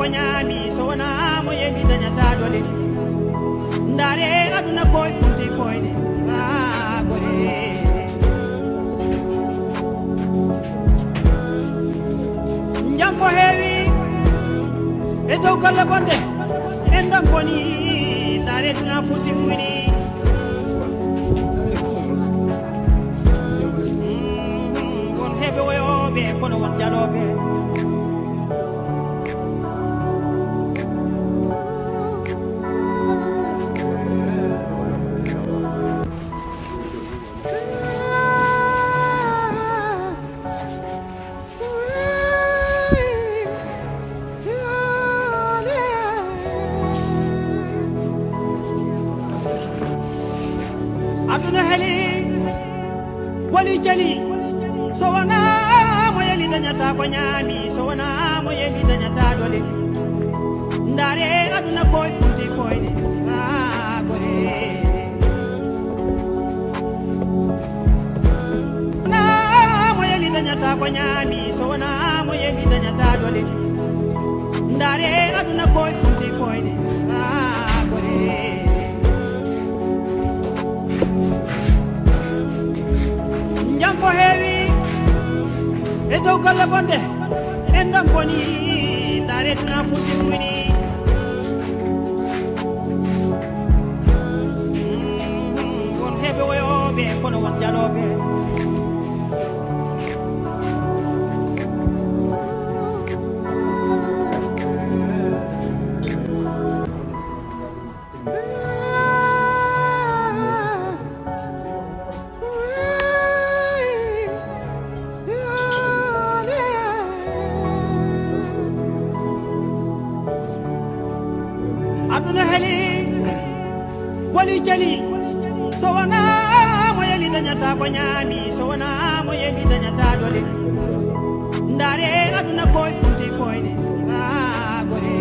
ko ñaami so wonaamo yendi dañata ɗoɗe ndaare aduna koye fulti foyde maagore jam ko heewi e dow golle bonde en ɗam boni ndaare duna fulti fuyni won heɓe woyoɓe kono won jaɗoɓe ابن هلي ولي جلي سوانا مو يلي دنيتا بنيامي سوانا مو يلي دنيتا دولي ndare aduna koy fulti bonde bonde en ɗon boni daretuna futin wini wali jali so wona mo yeli dañata ko ñaami so wona mo yeli dañata dole ndaare aduna koye funti foyde a ah, gore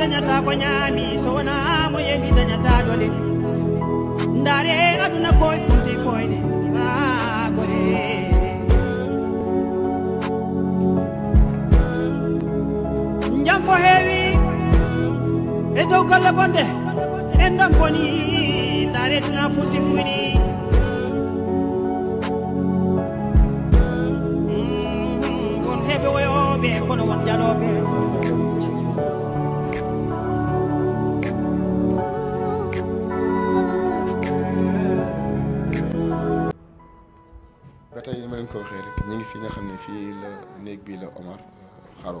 danya ko ñaami so wona mo yeli dañata dole ndaare aduna koye funti foyde ko heewi e dow golle bonde en ɗon boni daretna futti fuyni won mm, heɓe woyoɓe kono won janoɓe ba tey ni ma leen ko waxee Omar xaro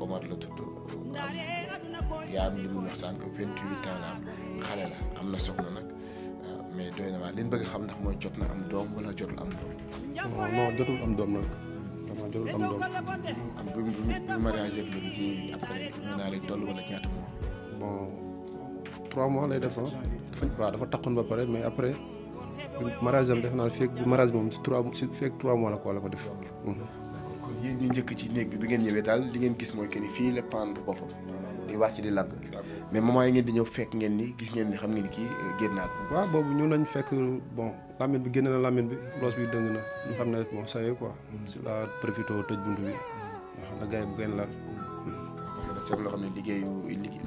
Omar la tudd euh, yaa am li mu wax sànq vingt-huit ans la am xale la am na soxna nag euh, mais doy na waa li bëgg xam ndax mooy jot na am doom wala jotul am doom. non non jotul am doom nag vraiment jotul am doom. am bu bu bu naa leen toll wala ñaata mois. trois mois lay def sax waaw dafa taxoon ba pare mais après. mariage am naa fekk mariage moom si trois si fekk trois mois la ko wala ko def. Mhm. yéen ñu njëkk ci néeg bi bi ngeen ñëwee daal li ngeen gis mooy que ni fii la pendre boppam di wàcc di lagg mais moment yi ngeen di ñëw fekk ngeen ni gis ngeen ni xam ngeen ni kii euh, génnaat waaw boobu ñu lañu fekk bon lamine bi génn na lamine bi loos bi dëng na ñu xam ne bon ça y ko quoi mm. si la profité tëj bunt bi nga xam ne gars bu ngeen lal tam loo xam ne liggéeyu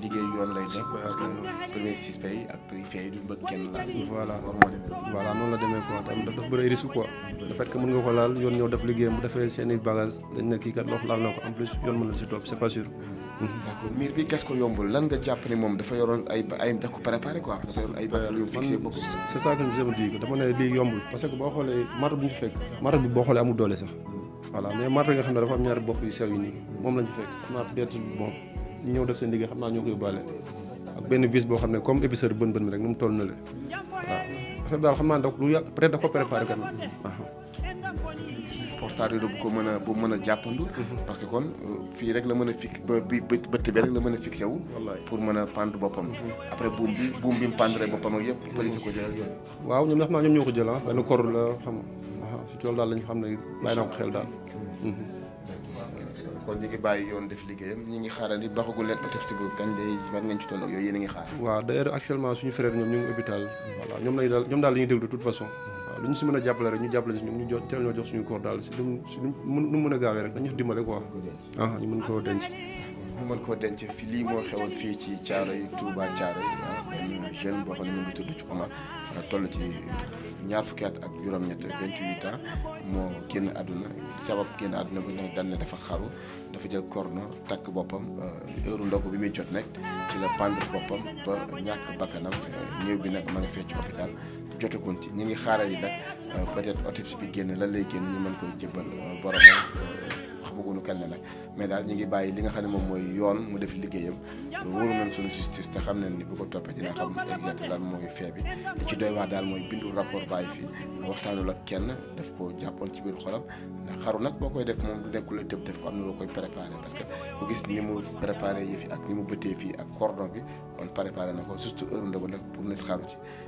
liggéeyu yoon lay nekk parce que premier suspect yi ak préfet yi duñ bëgg kenn la demee quoi tam daf bëri risque quoi le fait que mën nga ko laal yoon ñëw def liggéeyam bu defee seen dañ ne kii kat loxo laal na ko en plus yoon mën na si topp c'est pas sûr mm-hmm. miir bi gas ko yombul lan nga jàpp ne moom dafa yoroon ay ay daf ko préparé quoi dafa yoroon ay batal yu fixé bokk c'est ça que je me dis dama ne lii yombul parce que boo xoolee mara bu ñu fekk mara bi boo xoolee amul doole sax voilà mais matt nga xam dafa am ñaari bopp yu sew yi nii moom lañ ci fekk matt deetu bon ñi ñëw def seen liggéey xamna naa ñoo balé ak benn vis bo xam comme épisode bën bën rek num mu toll na le fa dal xamna dok lu yàgg peut da ko préparer kan même ah. portar yooyu bu ko mën bu mën jappandu mhm. parce que kon fi eh, rek la mën a fix ba bi bëtt bi rek la mën fixé ya, wu pour mën pandu bopam mhm. après buum bi buum bi mu ya, pendre ak yépp ya. police ko jël waaw ñom xam naa ñom ñoko jël ah benn kor la xam si tool daal lañ xam ne bàyyi naa ko xel daal. Mm-hmm. kon ñu ngi bàyyi yoon def liggéeyam ñu ngi xaarandi baxagul leen ba tef si bu kañ lay war ngeen ci toll ak yooyu yéen a ngi xaar. waaw d'ailleurs actuellement suñu frère ñoom ñu ngi hôpital. voilà ñoom lañu daal ñoom daal la ñuy déglu de toute façon. waaw lu ñu si mën a jàppale rek ñu jàppale si ñoom ñu jox teel ñoo jox suñu koor daal si lu mu si mu mën a gaawee rek dañu dimbale quoi. ah ñu mën koo denc. ñu mën koo denc fii lii moo xewoon fii ci Thiaroye Touba Thiaroye ah, benn jeune boo xam ne mu ngi tudd ci Omar ah, toll ci ñaar fukki at ak juróom-ñett 28 ans moo génn àdduna sabab génn àdduna bu ne dafa xaru dafa jël corno takk boppam ah, heure ndogu bi muy jot nag ci la pendre boppam ba ñàkk bakkanam eh, néew bi nag ma nga fee ci hôpital ci ñi ngi xaaral yi nag peut bi génn lan lay génn ñu mën ko jébbal boromam bëgguñu kenn nag mais daal ñu ngi bàyyi li nga xam ne moom mooy yoon mu def liggéeyam wóolu nañ suñu justice te xam ne ni bu ko toppee dina xam exact lan mooy fee bi li ci doy waar daal mooy bindul rapport bàyyi fii waxtaanul ak kenn daf ko jàppoon ci biir xolam ndax xaru nag boo koy def moom du nekkul la tëb def ko am na loo koy préparé parce que bu gis ni mu préparé yëf yi ak ni mu bëttee fii ak cordon bi kon préparé na ko surtout heure ndogu nag pour nit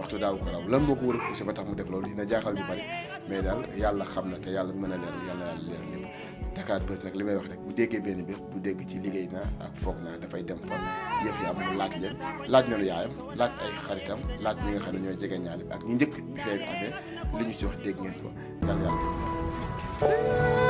waxtu daaw ko raw lan moo ko war a poussé ba tax mu def loolu dina jaaxal ñu bari mais daal yàlla xam na te yàlla mën a leeral yàlla yàlla leeral lépp Dakar Buzz nag li may wax rek bu déggee benn bés bu dégg ci liggéey naa ak foog naa dafay dem fa yëf yi am laaj leen laaj na lu yaayam laaj ay xaritam laaj ñi nga xam ne ñooy jege ñaari ak ñu njëkk bi fee bi amee li ñu si wax dégg ngeen ko yàlla yàlla